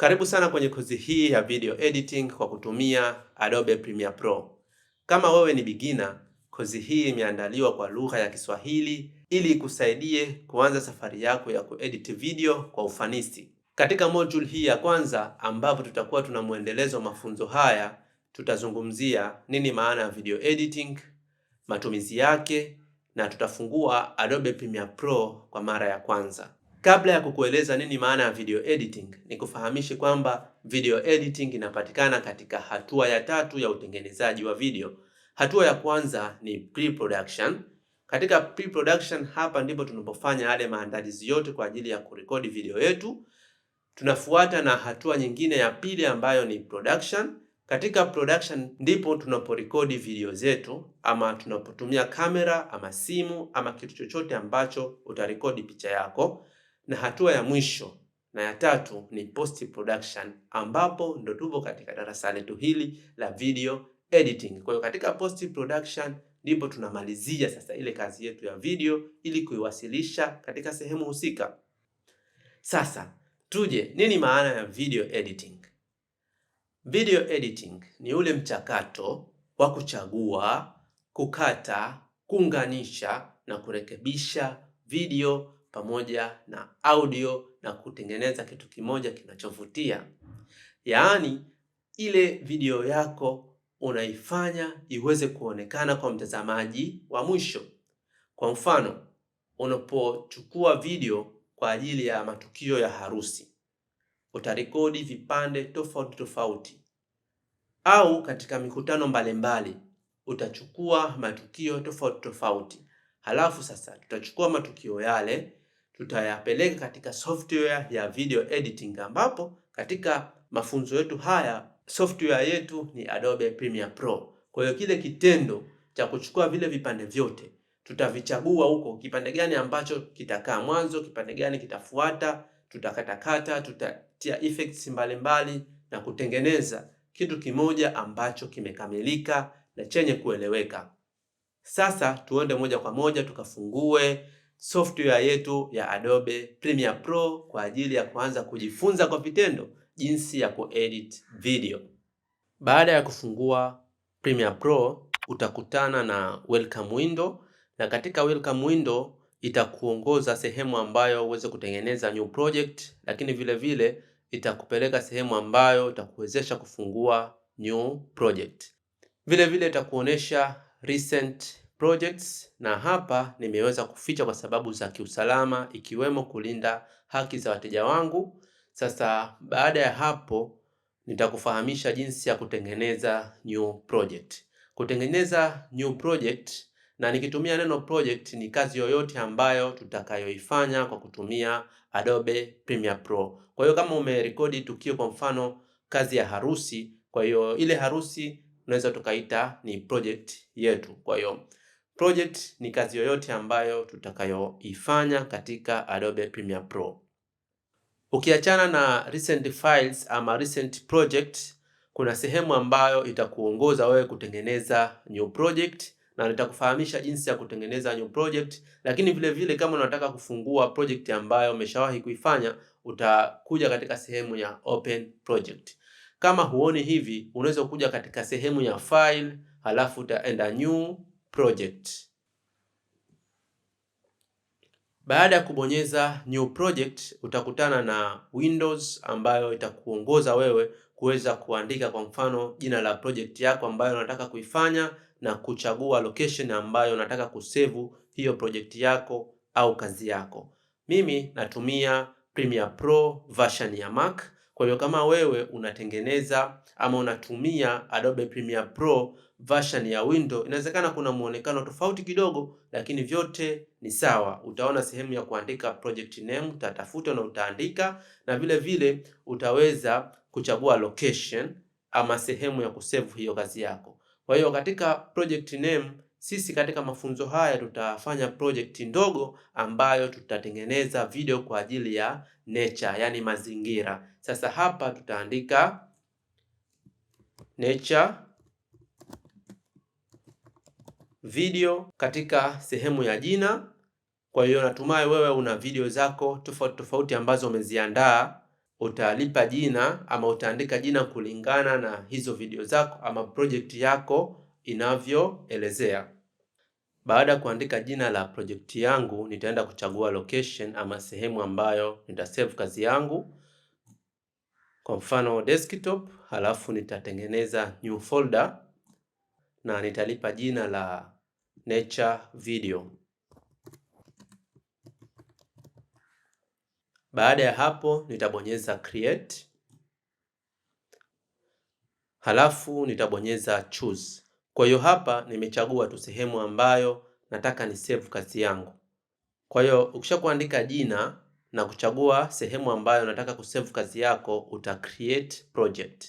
Karibu sana kwenye kozi hii ya video editing kwa kutumia Adobe Premiere Pro. Kama wewe ni beginner, kozi hii imeandaliwa kwa lugha ya Kiswahili ili ikusaidie kuanza safari yako ya kuedit video kwa ufanisi. Katika module hii ya kwanza, ambapo tutakuwa tuna mwendelezo wa mafunzo haya, tutazungumzia nini maana ya video editing, matumizi yake na tutafungua Adobe Premiere Pro kwa mara ya kwanza. Kabla ya kukueleza nini maana ya video editing, nikufahamishe kwamba video editing inapatikana katika hatua ya tatu ya utengenezaji wa video. Hatua ya kwanza ni pre-production. Katika pre-production, hapa ndipo tunapofanya yale maandalizi yote kwa ajili ya kurekodi video yetu. Tunafuata na hatua nyingine ya pili ambayo ni production. Katika production ndipo tunaporekodi video zetu, ama tunapotumia kamera ama simu ama kitu chochote ambacho utarekodi picha yako na hatua ya mwisho na ya tatu ni post production, ambapo ndo tupo katika darasa letu hili la video editing. Kwa hiyo katika post production ndipo tunamalizia sasa ile kazi yetu ya video ili kuiwasilisha katika sehemu husika. Sasa tuje, nini maana ya video editing? Video editing ni ule mchakato wa kuchagua, kukata, kuunganisha na kurekebisha video pamoja na audio na kutengeneza kitu kimoja kinachovutia. Yaani ile video yako unaifanya iweze kuonekana kwa mtazamaji wa mwisho. Kwa mfano, unapochukua video kwa ajili ya matukio ya harusi, utarekodi vipande tofauti tofauti, au katika mikutano mbalimbali mbali, utachukua matukio tofauti tofauti. Halafu sasa tutachukua matukio yale tutayapeleka katika software ya video editing, ambapo katika mafunzo yetu haya software yetu ni Adobe Premiere Pro. Kwa hiyo kile kitendo cha kuchukua vile vipande vyote tutavichagua huko, kipande gani ambacho kitakaa mwanzo, kipande gani kitafuata, tutakatakata, tutatia effects mbalimbali na kutengeneza kitu kimoja ambacho kimekamilika na chenye kueleweka. Sasa tuende moja kwa moja tukafungue software yetu ya Adobe Premiere Pro kwa ajili ya kuanza kujifunza kwa vitendo jinsi ya kuedit video. Baada ya kufungua Premiere Pro, utakutana na welcome window, na katika welcome window itakuongoza sehemu ambayo uweze kutengeneza new project, lakini vile vile itakupeleka sehemu ambayo itakuwezesha kufungua new project. Vile vile itakuonesha recent projects, na hapa nimeweza kuficha kwa sababu za kiusalama, ikiwemo kulinda haki za wateja wangu. Sasa baada ya hapo, nitakufahamisha jinsi ya kutengeneza new project. Kutengeneza new project, na nikitumia neno project ni kazi yoyote ambayo tutakayoifanya kwa kutumia Adobe Premiere Pro. Kwa hiyo kama umerekodi tukio, kwa mfano kazi ya harusi, kwa hiyo ile harusi unaweza tukaita ni project yetu. Kwa hiyo Project ni kazi yoyote ambayo tutakayoifanya katika Adobe Premiere Pro. Ukiachana na recent files ama recent project, kuna sehemu ambayo itakuongoza wewe kutengeneza new project na nitakufahamisha jinsi ya kutengeneza new project, lakini vile vile kama unataka kufungua project ambayo umeshawahi kuifanya utakuja katika sehemu ya open project. Kama huoni hivi, unaweza kuja katika sehemu ya file, halafu utaenda new project. Baada ya kubonyeza new project, utakutana na windows ambayo itakuongoza wewe kuweza kuandika kwa mfano jina la project yako ambayo unataka kuifanya na kuchagua location ambayo unataka kusevu hiyo project yako au kazi yako. Mimi natumia Premiere Pro version ya Mac kwa hiyo kama wewe unatengeneza ama unatumia Adobe Premiere Pro version ya Windows, inawezekana kuna muonekano tofauti kidogo, lakini vyote ni sawa. Utaona sehemu ya kuandika project name, utatafuta na utaandika, na vile vile utaweza kuchagua location ama sehemu ya kusevu hiyo kazi yako. Kwa hiyo katika project name sisi katika mafunzo haya tutafanya project ndogo ambayo tutatengeneza video kwa ajili ya nature, yani mazingira. Sasa hapa tutaandika nature video katika sehemu ya jina. Kwa hiyo natumai wewe una video zako tofauti tofauti ambazo umeziandaa, utalipa jina ama utaandika jina kulingana na hizo video zako ama project yako inavyoelezea. Baada ya kuandika jina la project yangu, nitaenda kuchagua location ama sehemu ambayo nitasave kazi yangu kwa mfano desktop, halafu nitatengeneza new folder na nitalipa jina la nature video. Baada ya hapo nitabonyeza create, halafu nitabonyeza choose. Kwa hiyo hapa nimechagua tu sehemu ambayo nataka ni save kazi yangu. Kwa hiyo ukisha kuandika jina na kuchagua sehemu ambayo unataka kusave kazi yako, uta create project.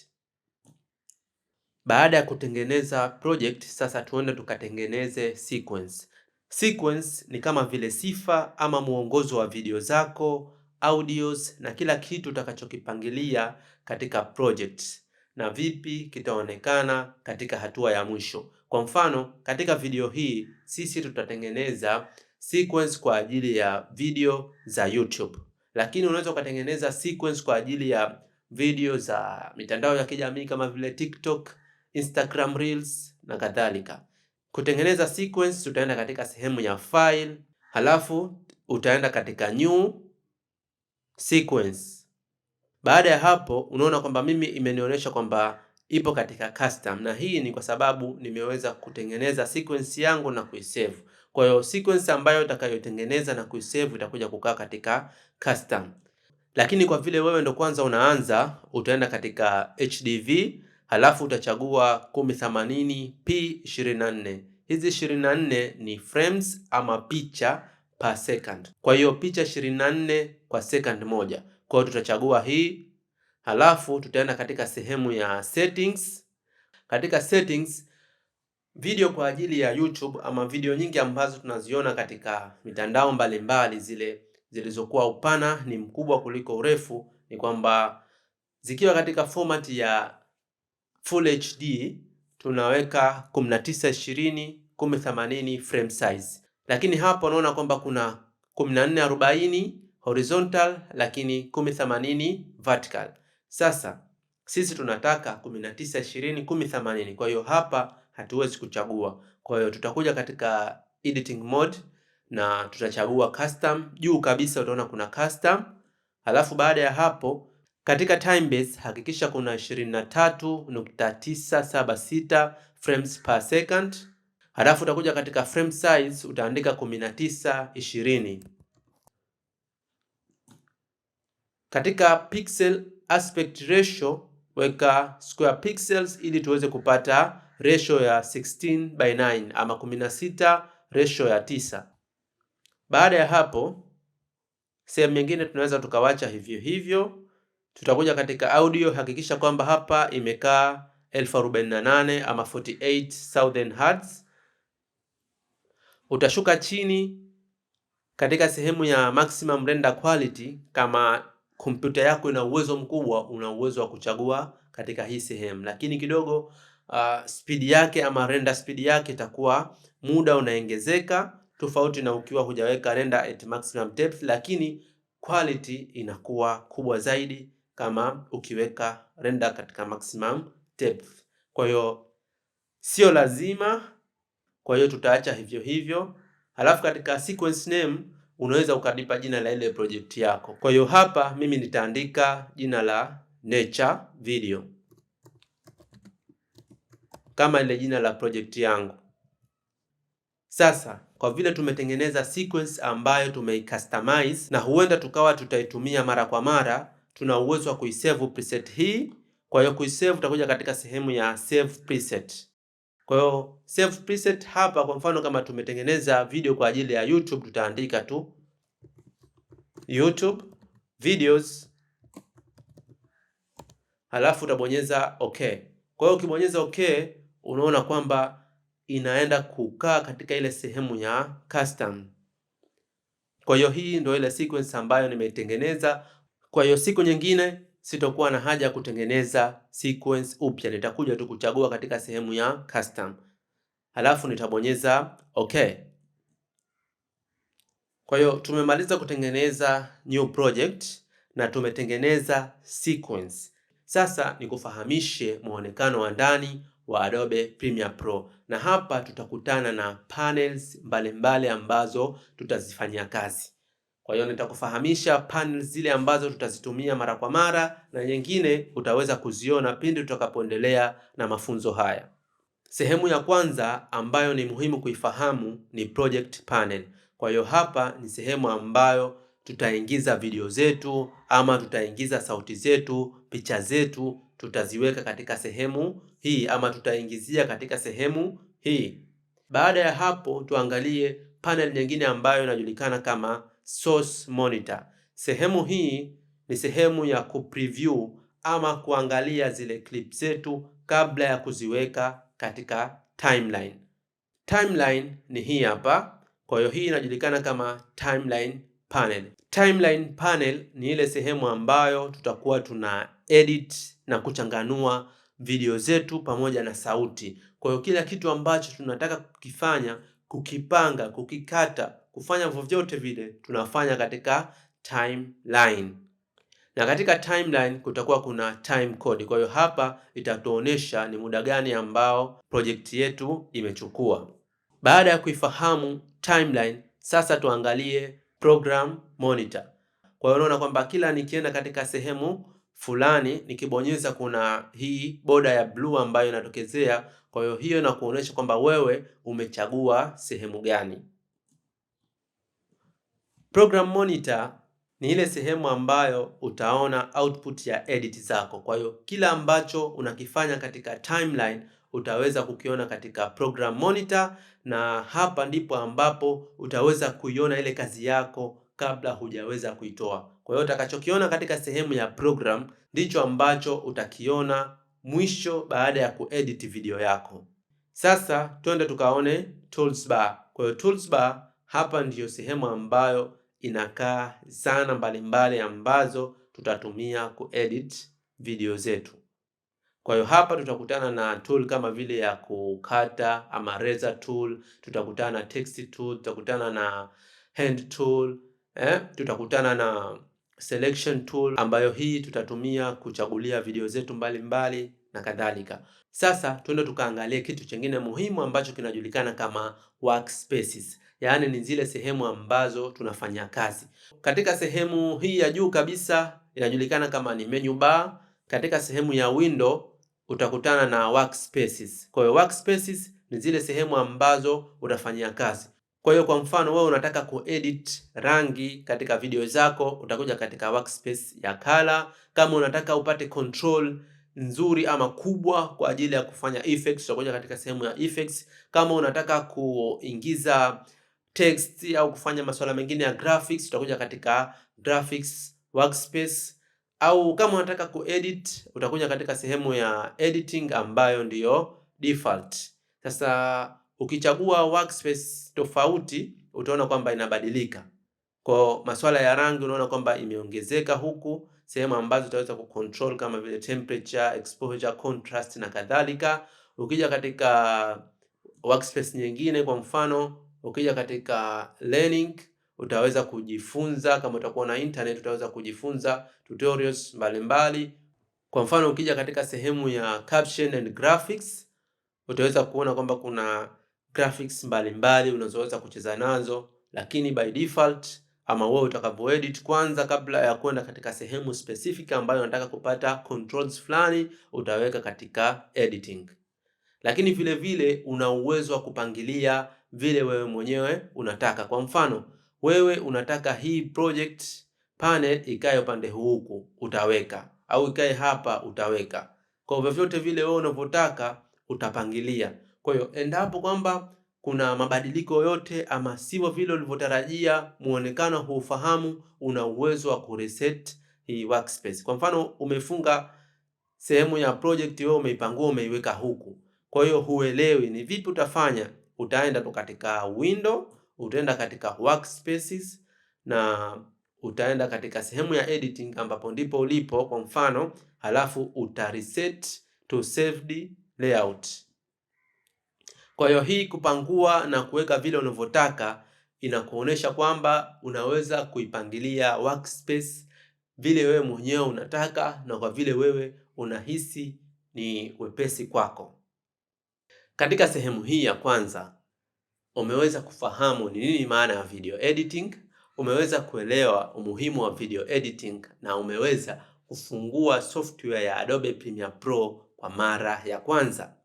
Baada ya kutengeneza project, sasa tuende tukatengeneze sequence. Sequence ni kama vile sifa ama mwongozo wa video zako, audios na kila kitu utakachokipangilia katika project, na vipi kitaonekana katika hatua ya mwisho. Kwa mfano, katika video hii sisi tutatengeneza sequence kwa ajili ya video za YouTube, lakini unaweza ukatengeneza sequence kwa ajili ya video za mitandao ya kijamii kama vile TikTok, Instagram Reels na kadhalika. Kutengeneza sequence, tutaenda katika sehemu ya file, halafu utaenda katika new sequence. Baada ya hapo unaona kwamba mimi imenionyesha kwamba ipo katika custom, na hii ni kwa sababu nimeweza kutengeneza sequence yangu na kuisave. Kwa hiyo sequence ambayo utakayotengeneza na kuisave itakuja kukaa katika custom. Lakini kwa vile wewe ndo kwanza unaanza, utaenda katika HDV halafu utachagua 1080 p 24. Hizi 24 ni frames ama picha per second. Kwa hiyo picha 24 kwa second moja. Kwa hiyo tutachagua hii halafu tutaenda katika sehemu ya settings. Katika settings video kwa ajili ya YouTube ama video nyingi ambazo tunaziona katika mitandao mbalimbali zile zilizokuwa upana ni mkubwa kuliko urefu, ni kwamba zikiwa katika format ya Full HD tunaweka 1920 1080 frame size, lakini hapo unaona kwamba kuna 1440 horizontal lakini 1080 vertical. Sasa sisi tunataka 1920 1080, kwa hiyo hapa hatuwezi kuchagua. Kwa hiyo tutakuja katika editing mode na tutachagua custom. Juu kabisa utaona kuna custom, alafu baada ya hapo katika time base hakikisha kuna 23.976 frames per second. Halafu utakuja katika frame size utaandika 1920. Katika pixel aspect ratio weka square pixels ili tuweze kupata ratio ya 16 by 9 ama 16 ratio ya 9 Baada ya hapo, sehemu nyingine tunaweza tukawacha hivyo hivyo. Tutakuja katika audio, hakikisha kwamba hapa imekaa 1048 ama 48000 hertz. Utashuka chini katika sehemu ya maximum render quality. Kama kompyuta yako ina uwezo mkubwa, una uwezo wa kuchagua katika hii sehemu, lakini kidogo uh, speed yake ama render speed yake itakuwa muda unaongezeka, tofauti na ukiwa hujaweka render at maximum depth, lakini quality inakuwa kubwa zaidi kama ukiweka render katika maximum depth. Kwa hiyo sio lazima, kwa hiyo tutaacha hivyo hivyo. Halafu katika sequence name unaweza ukalipa jina la ile project yako. Kwa hiyo hapa mimi nitaandika jina la nature video kama ile jina la project yangu. Sasa kwa vile tumetengeneza sequence ambayo tumeicustomize na huenda tukawa tutaitumia mara kwa mara, tuna uwezo wa kuisave preset hii. Kwa hiyo kuisave utakuja katika sehemu ya save preset. Kwa hiyo save preset hapa, kwa mfano kama tumetengeneza video kwa ajili ya YouTube, tutaandika tu YouTube videos, halafu utabonyeza okay. Kwa hiyo ukibonyeza okay unaona kwamba inaenda kukaa katika ile sehemu ya custom. Kwa hiyo hii ndio ile sequence ambayo nimeitengeneza. Kwa hiyo siku nyingine sitokuwa na haja ya kutengeneza sequence upya, nitakuja tu kuchagua katika sehemu ya custom, halafu nitabonyeza okay. Kwa hiyo tumemaliza kutengeneza new project na tumetengeneza sequence. Sasa nikufahamishe muonekano wa ndani wa Adobe Premiere Pro, na hapa tutakutana na panels mbalimbali mbali ambazo tutazifanyia kazi. Kwa hiyo nitakufahamisha panels zile ambazo tutazitumia mara kwa mara na nyingine utaweza kuziona pindi tutakapoendelea na mafunzo haya. Sehemu ya kwanza ambayo ni muhimu kuifahamu ni project panel. Kwa hiyo hapa ni sehemu ambayo tutaingiza video zetu ama tutaingiza sauti zetu, picha zetu tutaziweka katika sehemu hii ama tutaingizia katika sehemu hii. Baada ya hapo, tuangalie panel nyingine ambayo inajulikana kama source monitor. Sehemu hii ni sehemu ya kupreview ama kuangalia zile clip zetu kabla ya kuziweka katika timeline. Timeline ni hii hapa, kwa hiyo hii inajulikana kama timeline panel. Timeline panel ni ile sehemu ambayo tutakuwa tuna edit na kuchanganua video zetu pamoja na sauti. Kwa hiyo kila kitu ambacho tunataka kukifanya, kukipanga, kukikata, kufanya vyovyote vile tunafanya katika timeline. Na katika timeline kutakuwa kuna time code. Kwa hiyo hapa itatuonesha ni muda gani ambao project yetu imechukua. Baada ya kuifahamu timeline, sasa tuangalie program monitor. Kwa hiyo unaona kwamba kila nikienda katika sehemu fulani nikibonyeza, kuna hii boda ya blue ambayo inatokezea. Kwa hiyo hiyo inakuonyesha kwamba wewe umechagua sehemu gani. Program monitor ni ile sehemu ambayo utaona output ya edit zako. Kwa hiyo kila ambacho unakifanya katika timeline utaweza kukiona katika program monitor, na hapa ndipo ambapo utaweza kuiona ile kazi yako kabla hujaweza kuitoa. Kwa hiyo utakachokiona katika sehemu ya program ndicho ambacho utakiona mwisho baada ya kuedit video yako. Sasa twende tukaone tools bar. Kwa hiyo tools bar hapa ndiyo sehemu ambayo inakaa zana mbalimbali ambazo tutatumia kuedit video zetu. Kwa hiyo hapa tutakutana na tool kama vile ya kukata ama razor tool, tutakutana na text tool, tutakutana na hand tool, eh? Tutakutana na selection tool ambayo hii tutatumia kuchagulia video zetu mbalimbali mbali na kadhalika. Sasa twende tukaangalie kitu chingine muhimu ambacho kinajulikana kama workspaces, yaani ni zile sehemu ambazo tunafanya kazi. Katika sehemu hii ya juu kabisa inajulikana kama ni menu bar. Katika sehemu ya window utakutana na workspaces. Kwa hiyo workspaces ni zile sehemu ambazo utafanyia kazi. Kwa hiyo kwa mfano wewe unataka kuedit rangi katika video zako, utakuja katika workspace ya color. Kama unataka upate control nzuri ama kubwa kwa ajili ya kufanya effects, utakuja katika sehemu ya effects. Kama unataka kuingiza text au kufanya masuala mengine ya graphics, utakuja katika graphics workspace au kama unataka kuedit utakuja katika sehemu ya editing ambayo ndiyo default. Sasa ukichagua workspace tofauti utaona kwamba inabadilika. Kwa masuala ya rangi unaona kwamba imeongezeka huku, sehemu ambazo utaweza kucontrol kama vile temperature, exposure, contrast na kadhalika. Ukija katika workspace nyingine, kwa mfano ukija katika learning utaweza kujifunza. Kama utakuwa na internet, utaweza kujifunza tutorials mbalimbali Kwa mfano ukija katika sehemu ya caption and graphics, utaweza kuona kwamba kuna graphics mbalimbali unazoweza kucheza nazo, lakini by default ama wewe edit kwanza kabla ya kwenda katika sehemu specific ambayo unataka kupata controls fulani, utaweka katika editing. Lakini vile vile una uwezo wa kupangilia vile wewe mwenyewe unataka. Kwa mfano wewe unataka hii project panel ikae upande huku, utaweka au ikae hapa, utaweka kwa vyovyote vile wewe unavyotaka, utapangilia. Kwa hiyo endapo kwamba kuna mabadiliko yote ama sivyo vile ulivyotarajia, muonekano huufahamu, una uwezo wa kureset hii workspace. Kwa mfano umefunga sehemu ya project, wewe umeipangua, umeiweka huku, kwa hiyo huelewi ni vipi utafanya. Utaenda tu katika window utaenda katika workspaces na utaenda katika sehemu ya editing ambapo ndipo ulipo kwa mfano, halafu uta reset to saved layout. Kwa hiyo hii kupangua na kuweka vile unavyotaka inakuonesha kwamba unaweza kuipangilia workspace vile wewe mwenyewe unataka na kwa vile wewe unahisi ni wepesi kwako. Katika sehemu hii ya kwanza umeweza kufahamu ni nini maana ya video editing, umeweza kuelewa umuhimu wa video editing na umeweza kufungua software ya Adobe Premiere Pro kwa mara ya kwanza,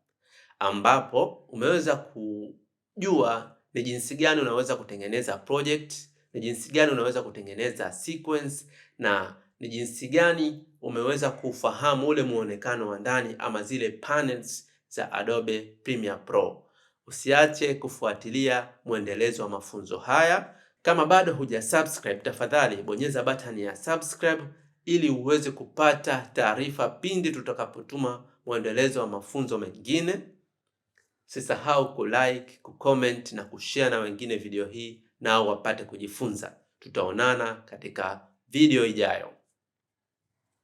ambapo umeweza kujua ni jinsi gani unaweza kutengeneza project, ni jinsi gani unaweza kutengeneza sequence na ni jinsi gani umeweza kufahamu ule muonekano wa ndani ama zile panels za Adobe Premiere Pro. Usiache kufuatilia mwendelezo wa mafunzo haya. Kama bado huja subscribe, tafadhali bonyeza button ya subscribe ili uweze kupata taarifa pindi tutakapotuma mwendelezo wa mafunzo mengine. Usisahau kulike, kucomment na kushare na wengine video hii nao wapate kujifunza. Tutaonana katika video ijayo.